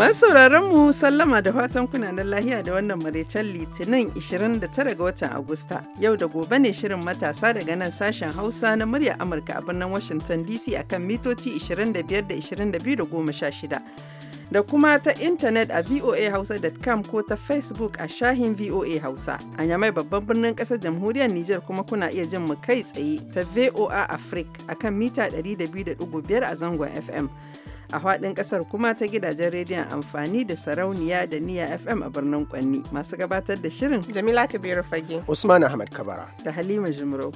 Masu sauraron mu sallama da fatan kuna nan lahiya da wannan maraicen litinin 29 ga watan Agusta. Yau da gobe ne shirin matasa daga nan sashen Hausa na murya Amurka a birnin Washington DC akan mitoci 25 da 22 da 16. Da kuma ta intanet a voahausa.com ko ta Facebook a shahin VOA Hausa. A yamai babban birnin ƙasar jamhuriyar Nijar kuma kuna iya jin mu kai tsaye ta VOA Africa akan mita 102.5 a zangon FM. a faɗin ƙasar kuma ta gidajen rediyon amfani da sarauniya da niya fm a birnin kwanni masu gabatar da shirin jamila kabiru fage usman ahmad kabara da halima jimro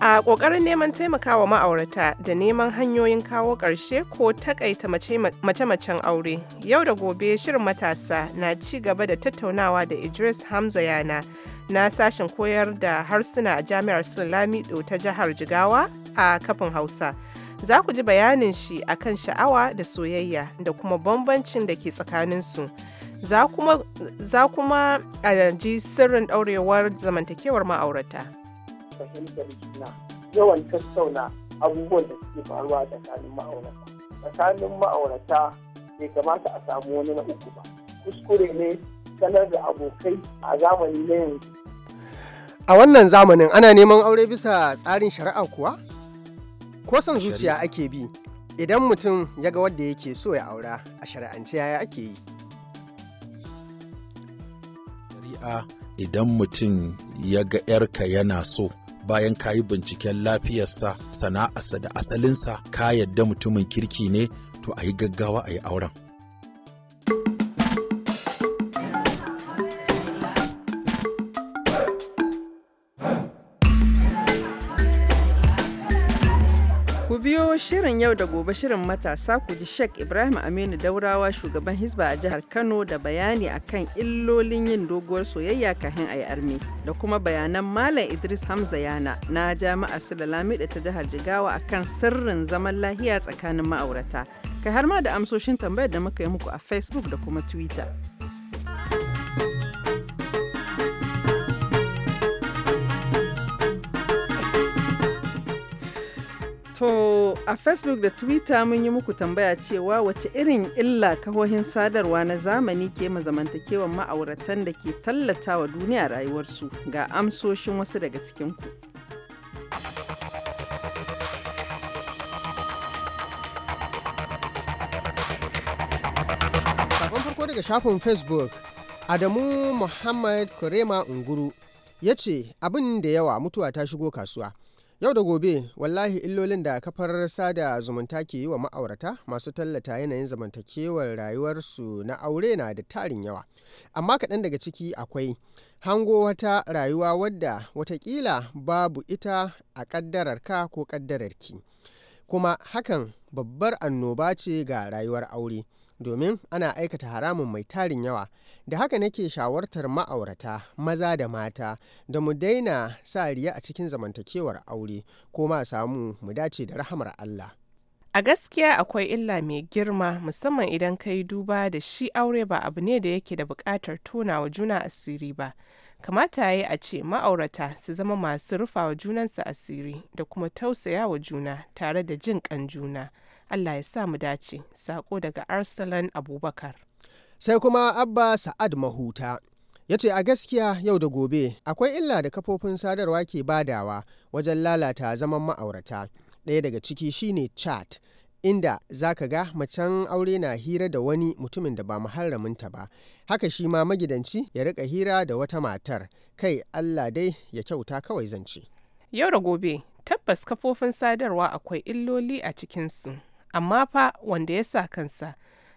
a ƙoƙarin neman taimakawa ma'aurata da neman hanyoyin kawo ƙarshe ko takaita mace-macen aure yau da gobe shirin matasa na ci gaba da tattaunawa da idris hamza yana na sashen koyar da harsuna a jami'ar Lamido ta jihar Jigawa a kafin Hausa. Za ku ji bayanin shi akan sha'awa da soyayya da kuma bambancin da ke tsakaninsu. Za kuma a ji sirrin daurewar zamantakewar ma'aurata. juna, yawan tattauna abubuwan da suke faruwa tsakanin ma'aurata. Tsakanin ma'aurata bai kamata a samu wani na uku ba. Kuskure ne sanar da abokai a zamani na yanzu. A wannan zamanin ana neman aure bisa tsarin shari'a kuwa? Ko son zuciya ake bi idan mutum ya ga wadda yake so ya aura a shari'ance yaya ake yi? Shari'a idan mutum ya ga 'yarka yana so. bayan ka yi binciken lafiyarsa sana'arsa da asalinsa ka yadda mutumin kirki ne to a yi gaggawa a yi auren shirin yau da gobe shirin matasa ku ji Sheikh Ibrahim Aminu Daurawa shugaban Hisba a jihar Kano da bayani akan illolin yin doguwar soyayya kahin ayi armi da kuma bayanan Malam Idris Hamza Yana na Jami'ar Sulalami da ta jihar Jigawa akan sirrin zaman lahiya tsakanin ma'aurata. Kai har ma da amsoshin tambayar da muka yi muku a Facebook da kuma Twitter. A Facebook da Twitter mun yi muku tambaya cewa wace irin illa kahohin sadarwa na zamani ke zamantakewan ma'auratan da ke tallata wa duniya rayuwarsu ga amsoshin wasu daga cikinku. sabon farko daga shafin Facebook, Adamu Muhammad Kurema Unguru ya ce abin da yawa mutuwa ta shigo kasuwa. Yau da gobe, wallahi illolin da kafar sada zumunta ke yi wa ma'aurata masu tallata yanayin zamantakewar rayuwarsu na aure na da tarin yawa. Amma kaɗan daga ciki akwai hango wata rayuwa wadda watakila babu ita a ƙaddararka ko ƙaddararki. Kuma hakan babbar annoba ce ga rayuwar aure. domin ana aikata haramun mai tarin yawa da haka nake shawartar ma'aurata maza da mata da mu daina sa riya a cikin zamantakewar aure ko ma samu mu dace da rahamar Allah. A gaskiya akwai illa mai girma musamman idan ka duba da shi aure ba abu ne da yake da buƙatar tona wa juna asiri ba. Kamata yi a ce ma'aurata su zama masu rufa wa junansu asiri da kuma tausaya wa juna tare da jin kan juna. Allah ya sa mu dace. Sako daga Arsalan Abubakar. Sai kuma Abba Sa'ad Mahuta. ya ce a gaskiya yau da gobe akwai illa da kafofin sadarwa ke badawa wajen lalata zaman ma'aurata ɗaya daga ciki shine chat inda za ka ga macen aure na hira da wani mutumin da ba muharraminta ba haka shi ma magidanci ya rika hira da wata matar kai allah dai ya kyauta kawai zance yau da gobe tabbas kafofin sadarwa akwai illoli a cikinsu amma fa wanda ya sa kansa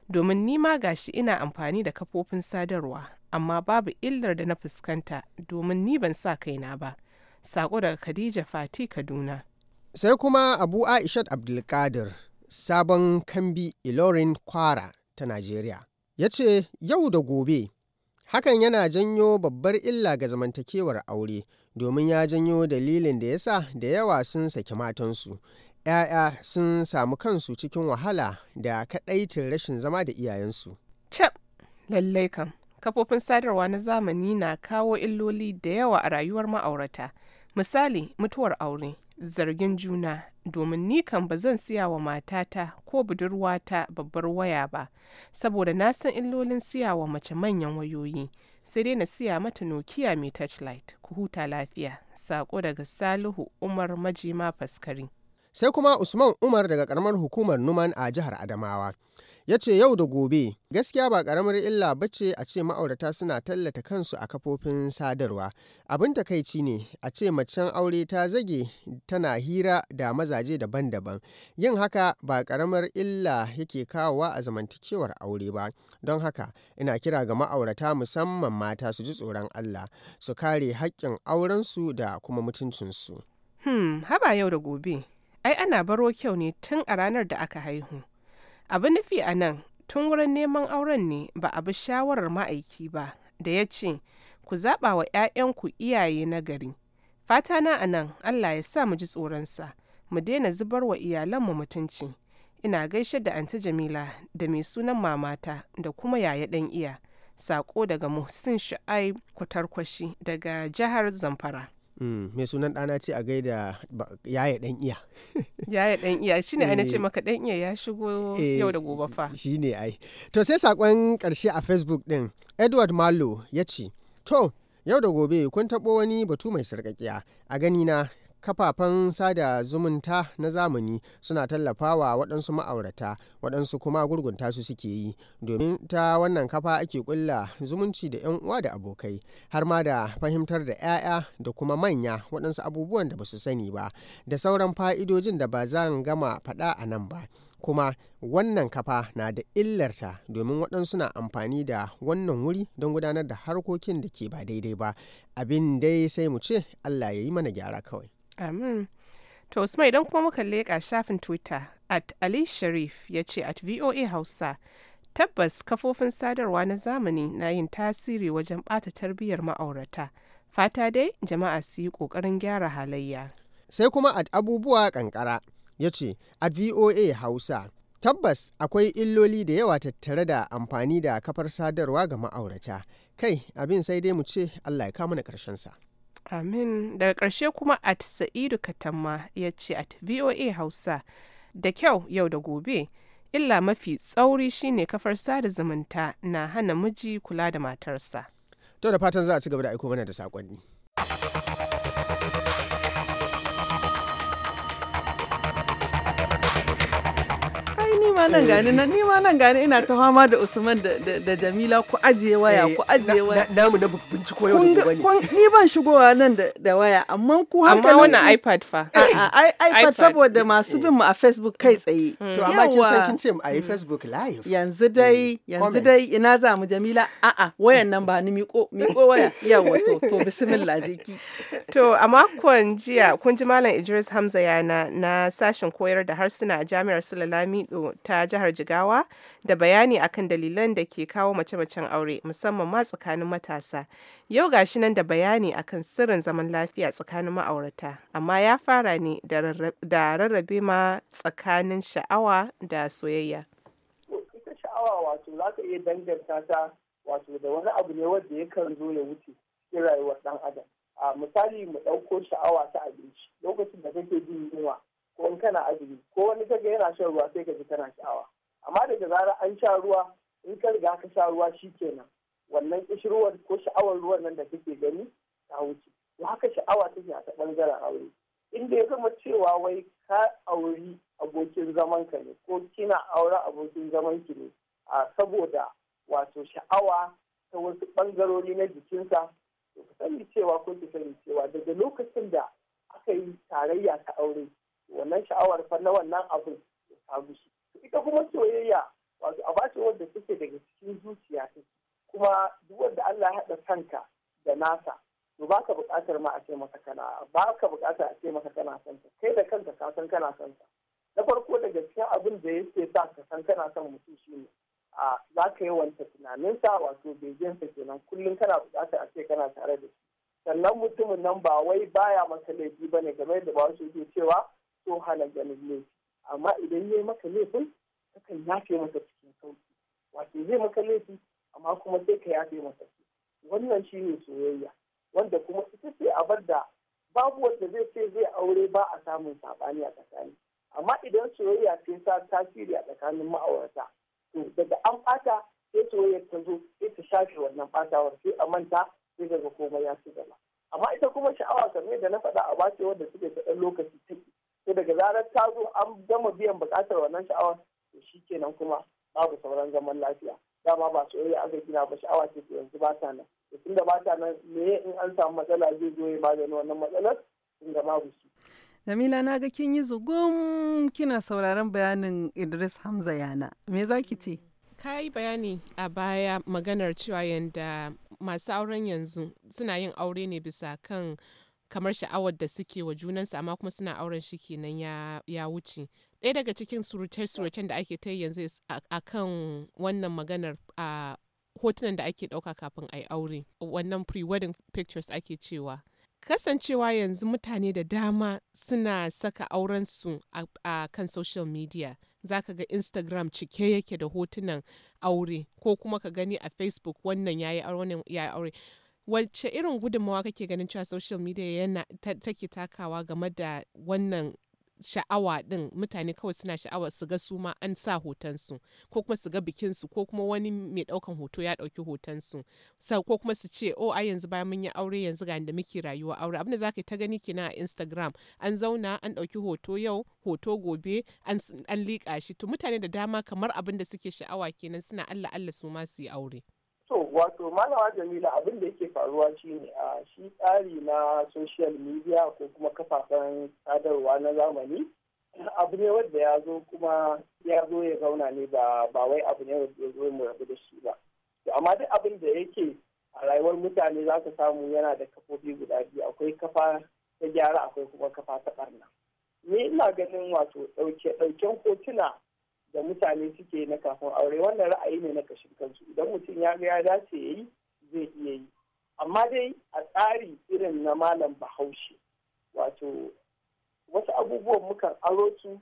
domin nima gashi ina amfani da kafofin sadarwa amma babu illar da na fuskanta domin ni ban sa kaina ba sako daga khadija fati kaduna sai kuma abu aishat abdulkadir sabon kambi ilorin kwara ta najeriya ya ce yau da gobe hakan yana janyo babbar illa ga zamantakewar aure domin ya janyo dalilin da ya sa da yawa sun saki matansu 'ya'ya sun samu kansu cikin wahala da kaɗaicin rashin zama da iyayensu. Cep, lallai kan kafofin sadarwa na zamani na kawo illoli da yawa a rayuwar ma'aurata. Misali, mutuwar aure, zargin juna, domin ni kan ba zan siya wa matata ko budurwata babbar waya ba, saboda na san illolin siya wa mace manyan wayoyi. sai dai na siya mata nokiya mai touchlight ku huta lafiya sako daga salihu umar majima faskari sai kuma usman umar daga karamar hukumar numan a jihar adamawa ya ce yau da gobe gaskiya ba karamar illa ba ce a ce ma'aurata suna tallata kansu a kafofin sadarwa abin takaici ne a ce macen aure ta zage tana hira da mazaje daban-daban yin haka ba karamar illa yake kawowa a zamantakewar aure ba don haka ina kira ga ma'aurata musamman mata su ji tsoron allah su kare haƙƙin aurensu da kuma mutuncinsu hmm, haba yau da gobe ai ana baro kyau ne tun a ranar da aka haihu abu nufi a nan tun wurin neman auren ne ba a bi shawarar ma'aiki ba da ya ce ku zaɓa wa 'ya'yanku iyaye na gari fata na a nan allah ya sa mu ji tsoronsa mu daina zubar wa iyalanmu mutunci ina gaishe da Anta jamila da mai sunan mamata da kuma yaya dan iya sako daga muhsin sha'ai kwatarkwashi daga jihar zamfara Mm. mai sunan ɗana ce a gaida yaya ɗan iya yaya ɗan iya ne ainihin ce eh. maka ɗan iya ya shigo eh, yau da gobe fa ne ai to sai saƙon ƙarshe a facebook ɗin edward Mallow ya ce to yau da gobe kun taɓo wani batu mai sarƙaƙiya a gani na kafafen sada zumunta na zamani suna tallafawa waɗansu ma'aurata waɗansu kuma gurgunta su suke yi domin ta wannan kafa ake ƙulla zumunci da 'yan uwa da abokai har ma da fahimtar da 'ya'ya da kuma manya waɗansu abubuwan da ba su sani ba da sauran fa'idojin da ba zan gama faɗa a nan ba kuma wannan kafa na da illarta domin waɗansu na amfani da wannan wuri don gudanar da harkokin da ke ba daidai ba abin dai sai mu ce allah ya yi mana gyara kawai Amin. To Usman idan kuma muka leƙa shafin Twitter at Ali Sharif ya ce at VOA Hausa tabbas kafofin sadarwa na zamani na yin tasiri wajen ɓata tarbiyyar ma'aurata. Fata dai jama'a su yi ƙoƙarin gyara halayya. Sai kuma at abubuwa ƙanƙara ya ce at VOA Hausa tabbas akwai illoli da yawa tattare da amfani da kafar sadarwa ga ma'aurata. Kai abin sai dai mu ce Allah ya kamuna na ƙarshensa. Amin. Daga ƙarshe kuma at Sa'idu Katamma ya ce at VOA Hausa da kyau yau da gobe. Illa mafi tsauri shine kafar sada zumunta na hana miji kula da matarsa. To da fatan za a ci gaba da aiko mana da saƙonni. ma nan eh. gani nan ni ma nan gani ina ta fama da Usman da Jamila ku ajiye waya ku eh, ajiye waya namu na binciko yau da gobe ni ban shigowa nan da waya amma ku hankali amma wannan iPad fa iPad saboda eh, masu bin mu a Facebook kai tsaye hmm. to amma kin san kin ce mu a yi hmm. Facebook live yanzu dai hmm. yanzu dai ina za mu Jamila a'a wayan nan ba ni miko miko waya yawa to to bismillah jiki to a makon jiya kun ji malam Idris Hamza yana na sashen koyar da harsuna a jami'ar Sulalami ta jihar Jigawa da bayani akan dalilan da ke kawo mace-macen aure musamman ma tsakanin matasa. Yau gashi nan da bayani akan sirrin zaman lafiya tsakanin ma'aurata, amma ya fara ne da rarrabe ma tsakanin sha'awa da soyayya. Ita sha'awa abu ne wanda yakan zo ya wuce rayuwar ɗan adam. a misali mu ɗauko sha'awa ta abinci lokacin da kake jin yunwa ko in kana azumi ko wani kaga yana shan ruwa sai ka ji kana sha'awa amma daga zarar an sha ruwa in ka riga ka sha ruwa shi kenan wannan kishirwar ko sha'awar ruwan nan da kake gani ta wuce to haka sha'awa take a ta bangaren aure inda ya zama cewa wai ka auri abokin zaman ka ne ko kina aure abokin zaman ki ne a saboda wato sha'awa ta wasu ɓangarori na jikinsa to ka sani cewa ko ki sani cewa daga lokacin da aka yi tarayya ta aure wannan sha'awar fa na wannan abu ta gushi ita kuma soyayya wato a bace wanda take daga cikin zuciya ta kuma duk wanda Allah ya haɗa kanka da nasa to ka buƙatar ma a ce maka kana baka buƙatar a ce maka kana son ta kai da kanka ka san kana son ta na farko daga cikin abin da ya yake sa ka san kana son mutum shine a za ka yi wanta tunaninsa wato sa kenan kullum kana buƙatar a ce kana tare da shi sannan mutumin nan ba wai baya masa laifi ba ne game da ba su cewa so hana ganin laifi amma idan ya yi maka laifin kakan yafe masa cikin sauki wato zai maka laifi amma kuma sai ka yafe masa wannan shi ne soyayya wanda kuma ita ce abar da babu wanda zai ce zai aure ba a samun saɓani a tsakani amma idan soyayya ce sa tasiri a tsakanin ma'aurata to daga an ɓata sai soyayyar ta zo sai ta shafe wannan fatawar sai a manta sai daga komai ya ci gaba amma ita kuma sha'awa kamar da na faɗa a bace wanda suke ta ɗan lokaci take to daga zarar ta zo an gama biyan bukatar wannan sha'awar to shi kenan kuma babu sauran zaman lafiya dama ba soyayya aka gina ba sha'awa ce to yanzu ba ta nan to tunda ba ta nan me in an samu matsala zai zo ya magani wannan matsalar tunda babu shi Jamila na ga kin yi zugum kina sauraron bayanin Idris Hamza yana me zaki ce ka yi bayani a baya maganar cewa yadda masu auren yanzu suna yin aure ne bisa kan kamar sha'awar da suke wa junansa, amma kuma suna auren shi kenan ya, wuce ɗaya daga cikin surace-suracen da ake ta yanzu a kan wannan maganar a hotunan da ake ɗauka kafin a yi aure wannan pre-wedding pictures ake cewa kasancewa yanzu mutane da dama suna saka aurensu a kan social media za ka ga instagram cike yake da hotunan aure ko kuma ka gani a facebook wannan ya yi aure wacce irin gudunmawa kake ganin cewa social media yana take takawa game da wannan sha'awa din mutane kawai suna sha'awa su ga su ma an sa hotonsu ko kuma su ga bikinsu ko kuma wani mai daukan hoto ya dauki hotonsu ko kuma su ce o oh, ai yanzu bayan mun yi aure yanzu ga da muke rayuwa aure abinda zaka ta gani kina a Instagram an zauna an dauki hoto yau hoto gobe an an shi to mutane da dama kamar abin da suke sha'awa kenan suna Allah Allah su ma su yi aure to wato malama Jamila abin da yake faruwa shine a shi tsari na social media ko kuma kafafen sadarwa na zamani abu ne wadda ya zo kuma ya zo ya zauna ne ba wai abu ne wadda ya zo mu rabu da shi ba amma duk abin da yake a rayuwar mutane za ka samu yana da kafofi guda biyu akwai kafa ta gyara akwai kuma kafa ta barna ni ina ganin wato ɗauke Ɗauken hotuna da mutane suke na kafin aure wannan ra'ayi ne na kashin kansu idan mutum ya ga ya dace yayi zai iya yi amma dai a tsari irin na malam bahaushe wato wasu abubuwan mukan aro su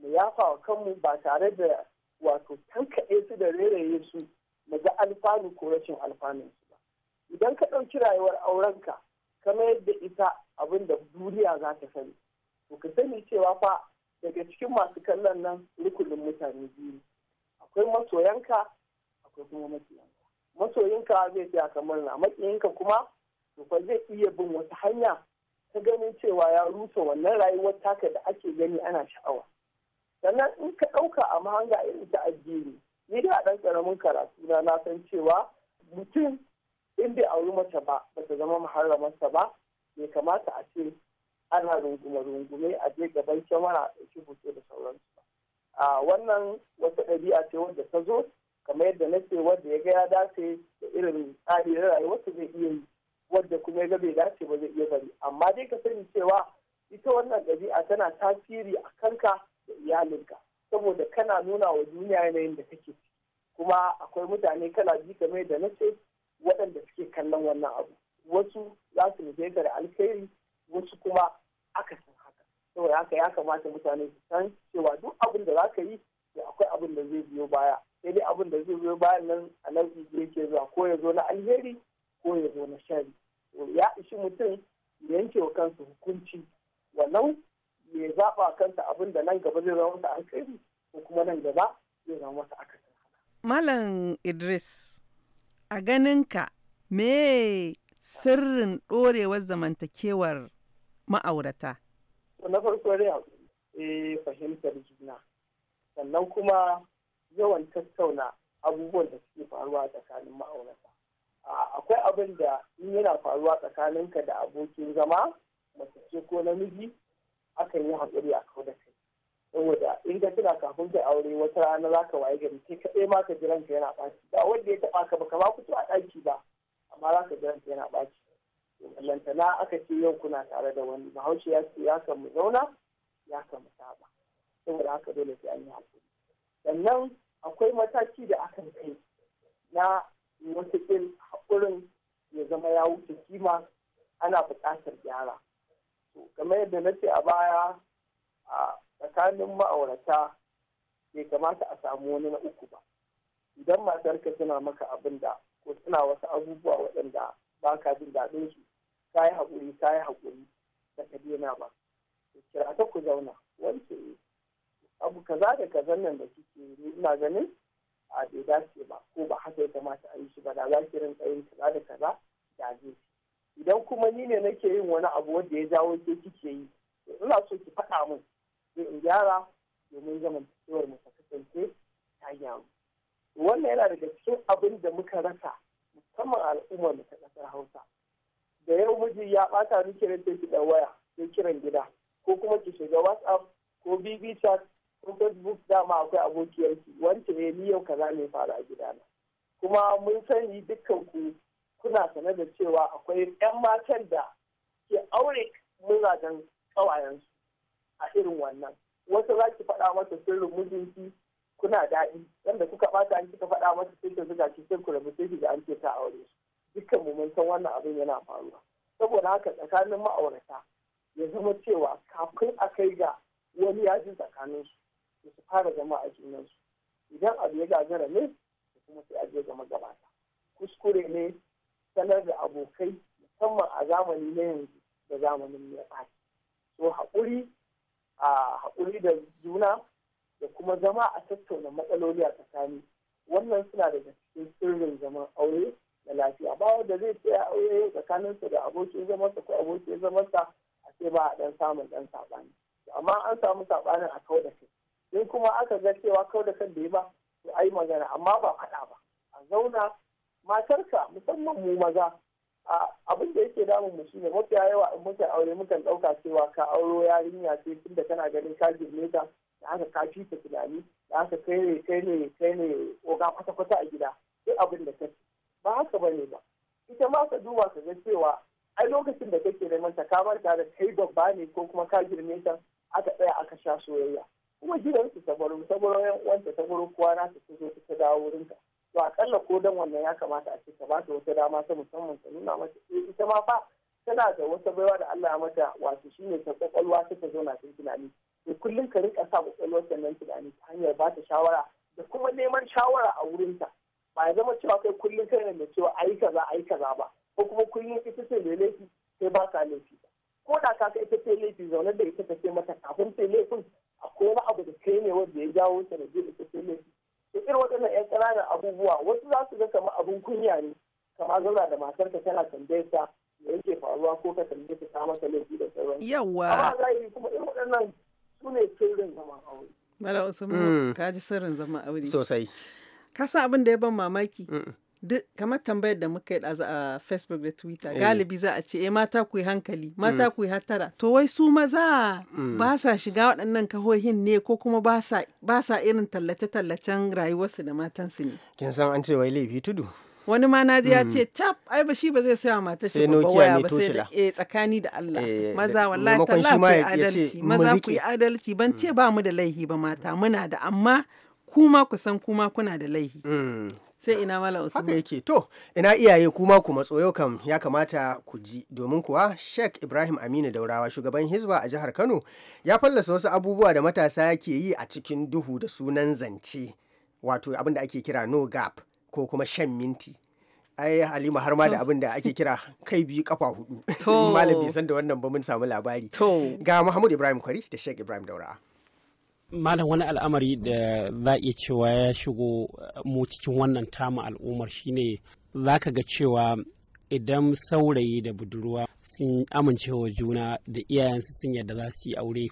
mu yafa wa kanmu ba tare da wato tankaɗe su da rairaye su mu ga alfanu ko rashin alfanun su ba idan ka ɗauki rayuwar aurenka kama yadda ita abin da duniya za ta sani to ka sani cewa fa daga cikin masu kallon nan rukunin mutane biyu akwai masoyanka akwai kuma masoyanka masoyinka zai fiya kamar na. Matsayinka kuma fa zai iya bin wata hanya ta ganin cewa ya rusa wannan rayuwar taka da ake gani ana sha'awa sannan in ka ɗauka a mahanga irin ta addini ni da ɗan ƙaramin karatu na na san cewa mutum in bai auri mace ba ba ta zama muharramarsa ba Me kamata a ce ana rungume-rungume a je gaban kyamara a ɗauki hoto da sauransu ba wannan wata ɗabi'a ce wadda ta zo kamar yadda na ce wanda ya ga ya dace da irin tsari na su zai iya yi wanda kuma ya ga bai dace ba zai iya bari amma dai ka sani cewa ita wannan ɗabi'a tana tasiri a kanka da iyalinka saboda kana nuna wa duniya yanayin da kake kuma akwai mutane kala biyu kamar yadda na ce waɗanda suke kallon wannan abu wasu za su nufe ka da alkhairi wasu kuma aka san haka saboda haka ya kamata mutane su san cewa duk abin da za ka yi da akwai abin da zai biyo baya sai dai abin da zai zo bayan nan a nau'i yake zuwa ko ya zo na alheri ko ya zo na shari ya ishi mutum ya yanke wa kansa hukunci nau ya zaɓa kanta abin da nan gaba zai zama masa alheri ko kuma nan gaba zai zama masa akasin Malam Idris, a ganin ka me sirrin ɗorewar zamantakewar ma'aurata? Na farko dai eh, fahimtar juna, sannan kuma yawan tattauna abubuwan da suke faruwa tsakanin ma'aurata akwai abin da in yana faruwa tsakaninka da abokin zama mace ce ko namiji akan yi haƙuri a kau da kai saboda in ka tuna kafin ka aure wata rana za ka waye gari kai kaɗai ma ka ji ranka yana ɓaci ba wanda ya taɓa ka ba ka ba ku a ɗaki ba amma za ka ji ranka yana ɓaci lantana aka ce yau kuna tare da wani bahaushe ya ce ya kan mu zauna ya kan mu saba saboda haka dole sai an yi haƙuri sannan akwai mataki da akan kai na wataƙil haƙurin ya zama ya wuce kima ana buƙatar gyara game yadda na ce a baya a tsakanin ma'aurata bai kamata a samu wani na uku ba idan matarka suna maka abin da ko suna wasu abubuwa waɗanda ba ka jin daɗin su ka yi haƙuri ka yi haƙuri da ka daina ba kira ta ku zauna wance abu kaza da kazan nan da kike yi ina ganin a bai dace ba ko ba haka ya kamata a yi shi ba da za ki rinka yin kaza da kaza da je idan kuma ni ne nake yin wani abu wanda ya jawo ke kike yi to ina so ki faɗa min sai in gyara domin zamantakewar mu ta kasance ta gyaru wannan yana daga cikin abin da muka rasa musamman al'ummar mu ta ƙasar hausa da yau miji ya ɓata ni kiran sai ki waya sai kiran gida ko kuma ki shiga whatsapp ko bb chat in facebook dama akwai abokiyar su wance ne ni yau kaza ne fara a gida na kuma mun sani dukkan ku kuna sane da cewa akwai 'yan matan da ke aure mazajen ƙawayensu a irin wannan wasu za ki faɗa masa sirrin mijinki kuna daɗi wanda kuka ɓata an kika faɗa masa sai zuga ki sai ku rabu sai ki ga an ce ta aure su dukkan mu mun san wannan abin yana faruwa saboda haka tsakanin ma'aurata ya zama cewa kafin a kai ga wani yaji tsakaninsu Masu su fara zama a junansu idan abu ya gagara ne kuma sai a je ga magabata kuskure ne sanar da abokai musamman a zamani na yanzu da zamanin ya ɓaci so haƙuri a haƙuri da juna da kuma zama a tattauna matsaloli a tsakani wannan suna daga cikin sirrin zaman aure da lafiya ba da zai tsaya aure tsakaninsa da abokin zamansa ko abokin zamansa a ce ba a ɗan samun ɗan saɓani amma an samu saɓanin a kau da kai sai kuma aka ga cewa kawai da kan da ya ba to ai magana amma ba faɗa ba a zauna matarka musamman mu maza abin da yake damun mu shine mafiya yawa in muka aure mukan ɗauka cewa ka auro yarinya ce tun da tana ganin ka girme ta da aka kafi ta tunani da aka kai ne kai ne kai ne oga kwata kwata a gida sai abin da kake ba haka bane ba ita ma ka duba ka ga cewa ai lokacin da kake neman ta ka da kai babba ne ko kuma ka girme ta aka tsaya aka sha soyayya kuma shi ta wuce sagwaro sagwaro wanda uwanta sagwaro kuwa na ta zo ta dawo wurin ka to akalla ko dan wannan ya kamata a ce ka ba ta wata dama ta musamman ta nuna mata eh, ita ma fa tana da wata baiwa da Allah ya mata wato shine ta kwakwalwa ta ta zauna cikin tunani to kullum ka rika sa kwakwalwar nan tunani ta hanyar ba ta shawara da kuma neman shawara a wurin ta ba ya zama cewa kai kullum kai da cewa ai kaza ai kaza ba ko kuma kullum ita ce mai laifi sai ba ka laifi ko da ka kai ita ce laifi zaune da ita ta ce mata kafin ta laifin ɗaya ne wanda ya jawo da ita ce ne to irin waɗannan 'yan ƙananan abubuwa wasu za su ga kamar abin kunya ne kamar zauna da matarka tana tambayar ta me yake faruwa ko ka tambaye ta ta masa laifi da sauran yawa amma yi kuma irin waɗannan su ne sirrin zaman aure Mala Usman, mm. ka ji sirrin zama aure. Sosai. Ka san abin da ya ban mamaki? duk kamar tambayar da muka yi a facebook da twitter eh. galibi za a ce eh mata ku yi hankali mata mm. ku yi hatara to wai su maza mm. ba sa shiga waɗannan kahohin ne ko kuma ba sa irin tallace-tallacen rayuwarsu da matansu ne kin san an ce wai laifi tudu wani ma naji ya mm. ce cap ai ba shi ba zai sayawa mata shi ba waya ba sai da eh tsakani da Allah eh, eh, maza wallahi tallafi adalci maza ku yi adalci ban ce ba mu da laihi ba mata muna da amma kuma kusan kuma kuna da laihi sai ina mala usman haka yake to ina iyaye kuma ku matso yau kam ya kamata ku ji domin kuwa sheikh ibrahim aminu daurawa shugaban hizba a jihar kano ya fallasa wasu abubuwa da matasa yake yi a cikin duhu da sunan zance wato abin da ake kira no gap ko kuma shan minti ai halima har ma da abin da ake kira kai biyu kafa hudu malam bai san da wannan ba mun samu labari ga muhammad ibrahim kwari da sheikh ibrahim daurawa malam wani al'amari da za iya cewa ya shigo eh, mu cikin wannan tamu al'ummar shine za ka ga cewa idan saurayi da budurwa sun amincewa juna da iyayensu sun yadda za su yi aure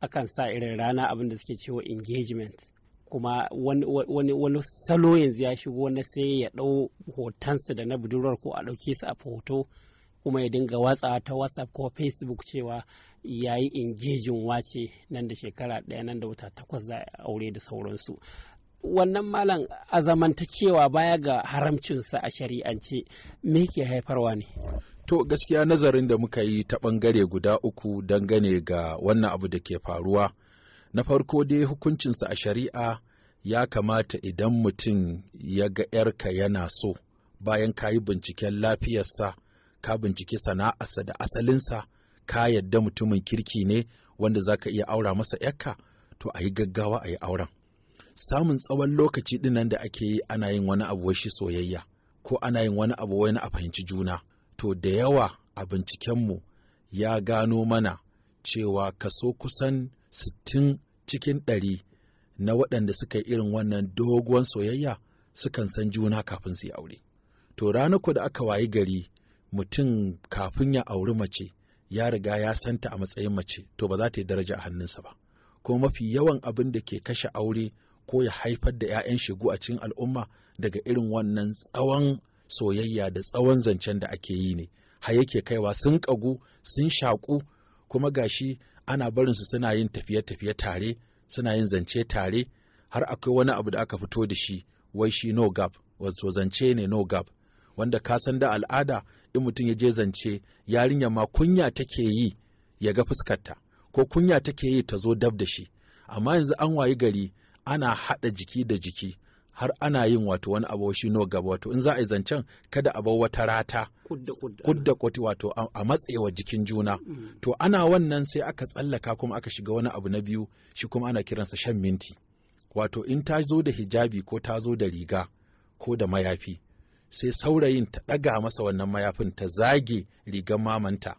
akan sa irin rana abinda suke cewa engagement kuma wani, salo yanzu ya shigo wanda sai ya ɗau hotonsa da na budurwar ko a ɗauke su a hoto kuma ya dinga watsa ta whatsapp ko facebook cewa ya yi ingejin wace nan da shekara ɗaya nan da wata takwas za a aure da sauransu wannan malam a zamantakewa baya ga haramcinsa a shari'ance me ke haifarwa ne to gaskiya nazarin da muka yi ta ɓangare guda uku dangane ga wannan abu da ke faruwa na farko dai hukuncinsa a shari'a ya kamata idan mutum ya ga 'yarka yana so bayan ka yi binciken lafiyarsa ka bincike sana'arsa da asalinsa ka yadda mutumin kirki ne wanda za ka iya aura masa yakka to a yi gaggawa a yi auren samun tsawon lokaci dinnan da ake yi ana yin wani abu shi soyayya ko ana yin wani abu wani a fahimci juna to da yawa a bincikenmu ya gano mana cewa kaso kusan sittin cikin ɗari na waɗanda suka yi irin wannan doguwan soyayya sukan san juna kafin su yi aure. To ranaku da aka wayi gari mutum kafin ya auri mace ya riga ya santa a matsayin mace to ba za ta yi daraja a hannunsa ba kuma mafi yawan abin da ke kashe aure ko ya haifar da 'ya'yan shigo a cikin al'umma daga irin wannan tsawon soyayya da tsawon zancen da ake yi ne har yake kaiwa sun kagu sun shaƙu kuma gashi ana barin su suna yin tafiye-tafiye tare suna yin zance tare har akwai wani abu da aka fito da shi wai shi no gap wato zance ne no gap wanda ka san da al'ada in mutum ya je zance yarinya ma kunya take yi ya ga fuskarta ko kunya take yi ta zo dab da shi amma yanzu an wayi gari ana haɗa jiki da jiki har ana yin wato wani abu shi no gaba wato in za a yi zancen kada a bar wata rata kudda kudda wato a matsewa jikin juna mm. to ana wannan sai aka tsallaka kuma aka shiga wani abu na biyu shi kuma ana kiransa shan minti wato in ta zo da hijabi ko ta zo da riga ko da mayafi sai saurayin ta ɗaga masa wannan mayafin ta zage rigar mamanta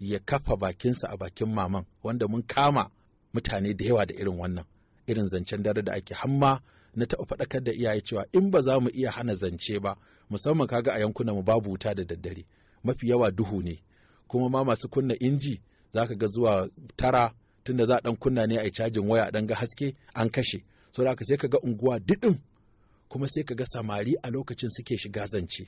ya kafa bakinsa a bakin maman wanda mun kama mutane da yawa da irin wannan irin zancen dare da ake hamma na taɓa faɗakar da iyaye cewa in ba za mu iya hana zance ba musamman kaga a yankunan mu babu wuta da daddare mafi yawa duhu ne kuma ma masu kunna inji za ka ga zuwa tara tunda za a ɗan kunna ne a cajin waya a ɗan ga haske an kashe sau da sai ka ga unguwa diɗin kuma sai ka ga samari a lokacin suke shiga zance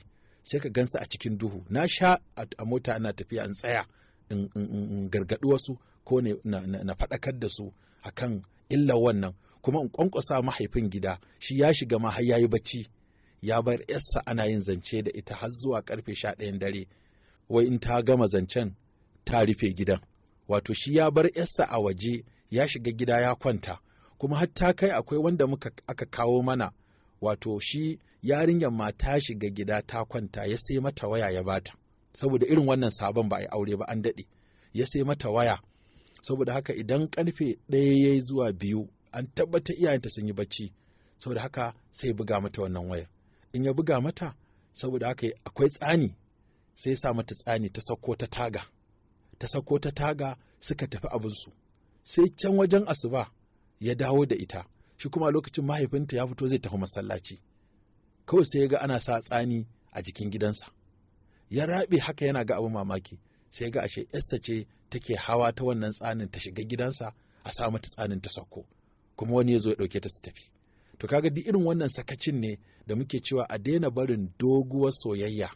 sai ka gansa a cikin duhu na sha a mota ana tafiya in tsaya in gargaɗi wasu ko na faɗakar da su akan illar wannan kuma in ƙwanƙwasa mahaifin gida shi ya shiga ma har yayi bacci ya bar yarsa ana yin zance da ita har zuwa karfe sha ɗayan dare wai in ta gama zancen ta rufe gidan wato shi ya bar yarsa a waje ya shiga gida ya kwanta kuma hatta kai akwai wanda muka aka kawo mana wato shi yarinyar ma ta shiga gida ta kwanta ya sai mata waya ya bata saboda irin wannan sabon ba a yi aure ba an daɗe ya sai mata waya saboda haka idan karfe ɗaya ya yi zuwa biyu an tabbata iyayenta sun yi bacci saboda haka sai buga mata wannan wayar in ya buga mata saboda haka akwai tsani sai sa mata tsani ta sauko ta taga ta sauko ta taga suka tafi abinsu sai can wajen asuba ya dawo da ita shi kuma lokacin mahaifinta ya fito zai tafi masallaci kawai sai ya ga ana sa tsani a jikin gidansa ya rabe haka yana ga abin mamaki sai ya ga ashe yarsa ce take hawa ta wannan tsanin ta shiga gidansa a sa mata tsanin ta sauko kuma wani ya zo ya dauke ta su tafi to kaga duk irin wannan sakacin ne da muke cewa a daina barin doguwar soyayya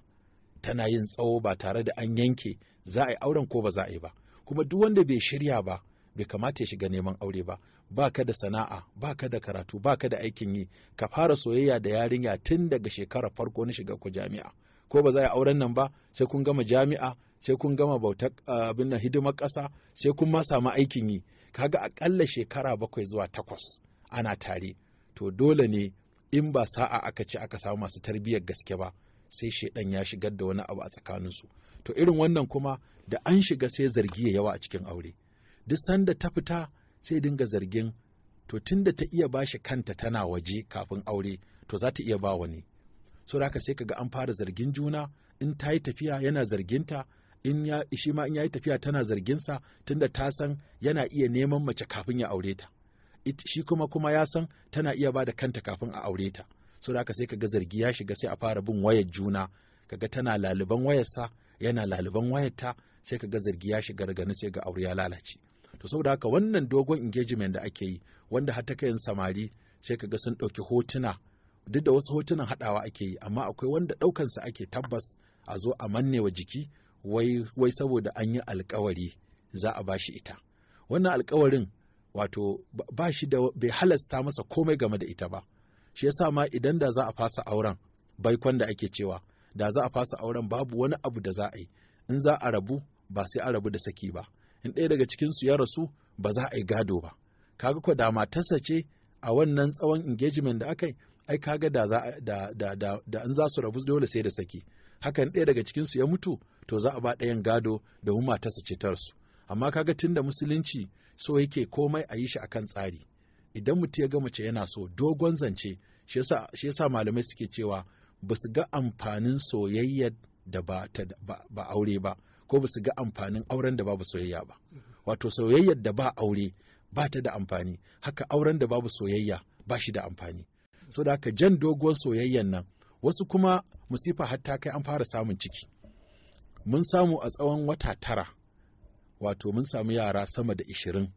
tana yin tsawo ba tare da an yanke za a yi auren ko ba za a yi ba kuma duk wanda bai shirya ba bai kamata ya shiga neman aure ba ba ka da sana'a ba ka da karatu ba ka da aikin yi ka fara soyayya da yarinya tun daga shekarar farko na shiga ku jami'a ko ba za a auren nan ba sai kun gama jami'a sai kun gama bautar ah, abin nan hidimar ƙasa sai kun ma samu aikin yi ka kaga akalla shekara bakwai zuwa takwas ana tare to dole ne in ba sa'a aka ce aka samu masu tarbiyyar gaske ba sai shedan ya shigar da wani abu a tsakaninsu to irin wannan kuma da an shiga sai zargi ya yawa a cikin aure duk sanda ta fita sai dinga zargin to tunda ta iya ba shi kanta tana waje kafin aure to za ta iya ba wani so haka sai kaga an fara zargin juna in ta yi tafiya yana zarginta in ya ishi ma in ya yi tafiya tana zarginsa tunda ta san yana iya neman mace kafin ya aure ta shi kuma kuma ya san tana iya ba da kanta kafin a aure ta so haka sai kaga zargi ya shiga sai a fara bin wayar juna kaga tana laliban wayarsa yana laliban wayarta sai ga zargi ya shiga daga sai ga aure ya lalace to saboda haka wannan dogon engagement da ake yi wanda har ta kayan samari sai kaga sun ɗauki hotuna duk da wasu hotunan haɗawa ake yi amma akwai wanda ɗaukansa ake tabbas a zo a mannewa jiki wai wai saboda an yi alkawari za a bashi ita wannan alkawarin wato ba shi da bai halasta masa komai game da ita ba shi yasa ma idan da za a fasa auren baikon da ake cewa da za a fasa auren babu wani abu da za a yi in za a rabu ba sai a rabu da saki ba in ɗaya daga cikinsu ya rasu ba za a yi gado ba kaga ko da matarsa ce a wannan tsawon engagement da aka yi ai kaga da za da in za su rabu dole sai da saki hakan ɗaya daga cikinsu ya mutu to za a ba ɗayan gado da mu matarsa ce ta rasu amma kaga tun da musulunci so yake komai a yi shi akan tsari idan mutum ya ga mace yana so dogon zance shi yasa malamai suke cewa ba su ga amfanin soyayya da ba, aure ba ko ba su ga amfanin auren da babu soyayya ba wato soyayyar da ba aure ba ta da amfani haka auren da babu soyayya ba shi da amfani so da haka jan doguwar soyayyan nan wasu kuma musifa hatta kai an fara samun ciki mun samu a tsawon wata tara wato mun samu yara sama da ishirin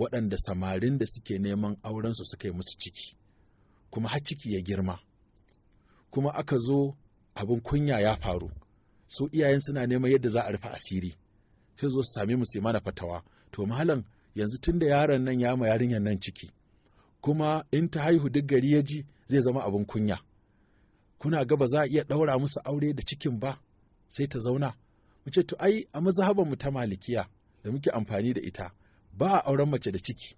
waɗanda samarin da suke neman aurensu suka yi musu ciki kuma har ciki ya girma kuma aka zo abin kunya ya faru su iyayen suna neman yadda za a rufe asiri sai zo su same mu sai mana fatawa to malam yanzu tun da yaron nan ya ma yarinyar nan ciki kuma in ta haihu duk gari ya ji zai zama abin kunya kuna ga ba za a iya ɗaura musu aure da cikin ba sai ta zauna mu ce to ai a mazhaban mu ta malikiya da muke amfani da ita ba a auren mace da ciki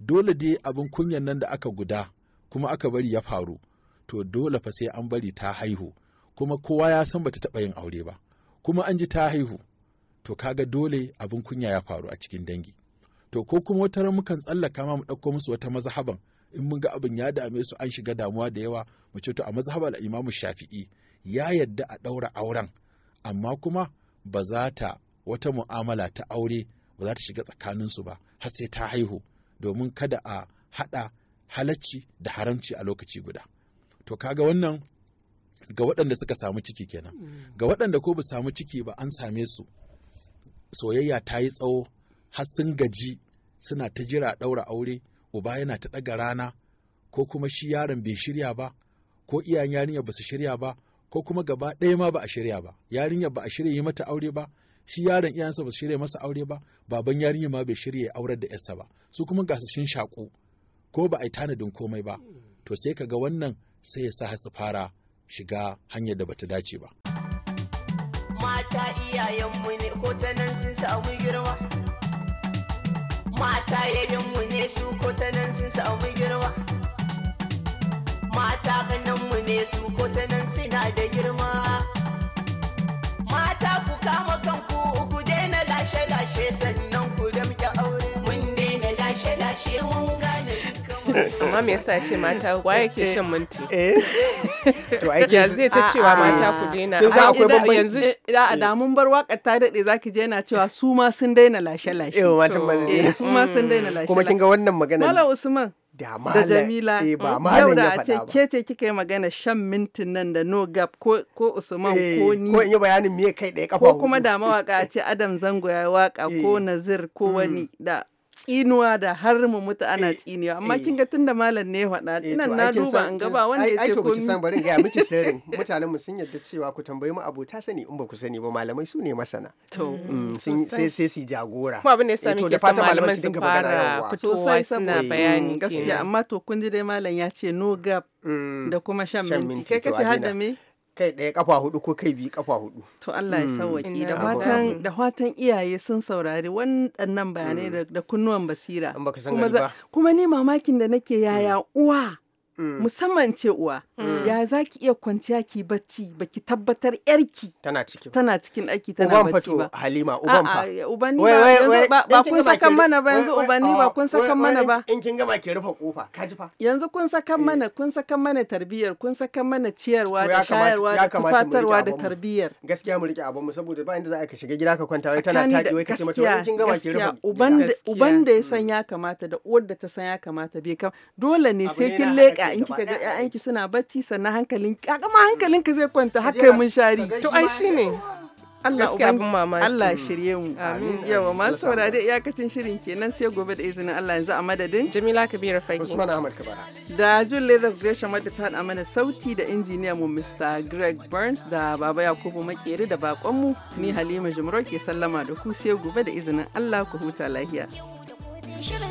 dole dai abin kunyan nan da aka guda kuma aka bari ya faru to dole fa sai an bari ta haihu kuma kowa ya san bata taɓa yin aure ba kuma an ji ta haihu to kaga dole abin kunya ya faru a cikin dangi to ko kuma wata ran mukan tsallaka ma mu ɗauko musu wata mazhaban in mun ga abin ya dame su an shiga damuwa da yawa mu ce to a mazhabar imamu shafi'i ya yadda a ɗaura auren amma kuma ba za ta wata mu'amala ta aure ba za ta shiga tsakaninsu ba har sai ta haihu domin kada a haɗa halacci da haramci a lokaci guda to kaga wannan ga waɗanda suka samu ciki kenan ga waɗanda ko ba samu ciki ba an same su soyayya ta yi tsawo har sun gaji suna ta jira ɗaura aure uba yana ta ɗaga rana ko kuma shi yaron bai shirya ba ko iyayen yarinya ba su shirya ba ko kuma gaba ɗaya ma ba a shirya ba yarinya ba a shirya yi mata aure ba shi yaron iyayensa ba su shirya masa aure ba baban yarinya ma bai shirya ya aurar da yarsa ba su kuma ga shin shaƙu ko ba a yi tanadin komai ba to sai ka ga wannan sai ya sa su fara shiga hanyar da bata dace ba. Mata iyayenmu ne ko ta nan sun samu girma. Mata iyayenmu ne su ko ta nan sun samu girma. Mata ƙananmu ne su ko ta nan suna da girma. Mata ku kama kanku ku daina lashe-lashe amma me yasa ce mata waye ke shan minti eh, eh. to ai ke zai ta cewa mata ku daina kin san akwai bambanci da adamun bar wakar ta dade zaki je na cewa su ma sun daina lashe lashe eh matan ba zai su ma sun mm. daina lashe kuma kin ga wannan magana Malam Usman da jamila yau da malam eh, mm, ya faɗa ba ke ce kika yi magana shan mintin nan da no gap ko usman eh, ko ni ko in yi bayanin me kai ɗaya kafa ko kuma da mawaka a ce adam zango ya waka ko nazir ko mm. wani da tsinuwa da har mu mutu ana eh, tsiniya amma eh. kin ga tunda malam ne faɗa eh, nan na duba an gaba wanda ya ce ko ai san bari ga miki sirrin mutanen mu sun yadda cewa ku tambayi mu abota sani in ba ku sani ba malamai su ne masana to mm, mm, sai sai su jagora kuma abin da yasa muke fata malamai su dinga to sai suna bayani gaskiya amma to kun ji dai malam ya ce no gap mm. da kuma shan minti kai kace har da me kai ɗaya kafa hudu ko kai biyu kafa hudu. To Allah ya hmm. sauwaƙi da fatan fatan iyaye sun saurari waɗannan bayanai hmm. da kunnuwan basira. Kuma ni mamakin da nake yaya hmm. uwa Mm. musamman ce uwa mm. ya za ki iya kwanciya ki bacci ki tabbatar yarki tana cikin tana cikin aiki tana bacci ba halima uban fa ubani ba ba kun saka mana ba yanzu ubani ba kun saka mana ba in kin gama ki rufe kofa ji fa yanzu kun saka eh. mana kun saka mana tarbiyar kun saka mana ciyarwa da shayarwa da tufatarwa da tarbiyar gaskiya mu rike abun mu saboda ba inda za ka shiga gida ka kwanta wai tana taɗi wai ce mata in kin gama ki rufe uban da ya san ya kamata da uwar da ta san ya kamata bai kam dole ne sai kin leka. suna bacci sannan hankalin hankalinka zai kwanta haka mun shari to ai shine Allah Allah shirye mu. Amin. Yawa masu saurare iyakacin shirin kenan sai gobe da izinin Allah yanzu a madadin. Jamila kabira Fagi. Usman Ahmad Kabara. Da Jun Leather zai ta tana mana sauti da injiniya mu Mr. Greg Burns da Baba Yakubu Makeri da bakonmu ni Halima Jumro ke sallama da ku sai gobe da izinin Allah ku huta lahiya. Shirin